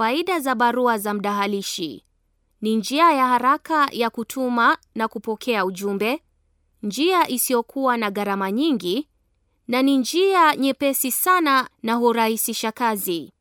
Faida za barua za mdahalishi: ni njia ya haraka ya kutuma na kupokea ujumbe, njia isiyokuwa na gharama nyingi, na ni njia nyepesi sana na hurahisisha kazi.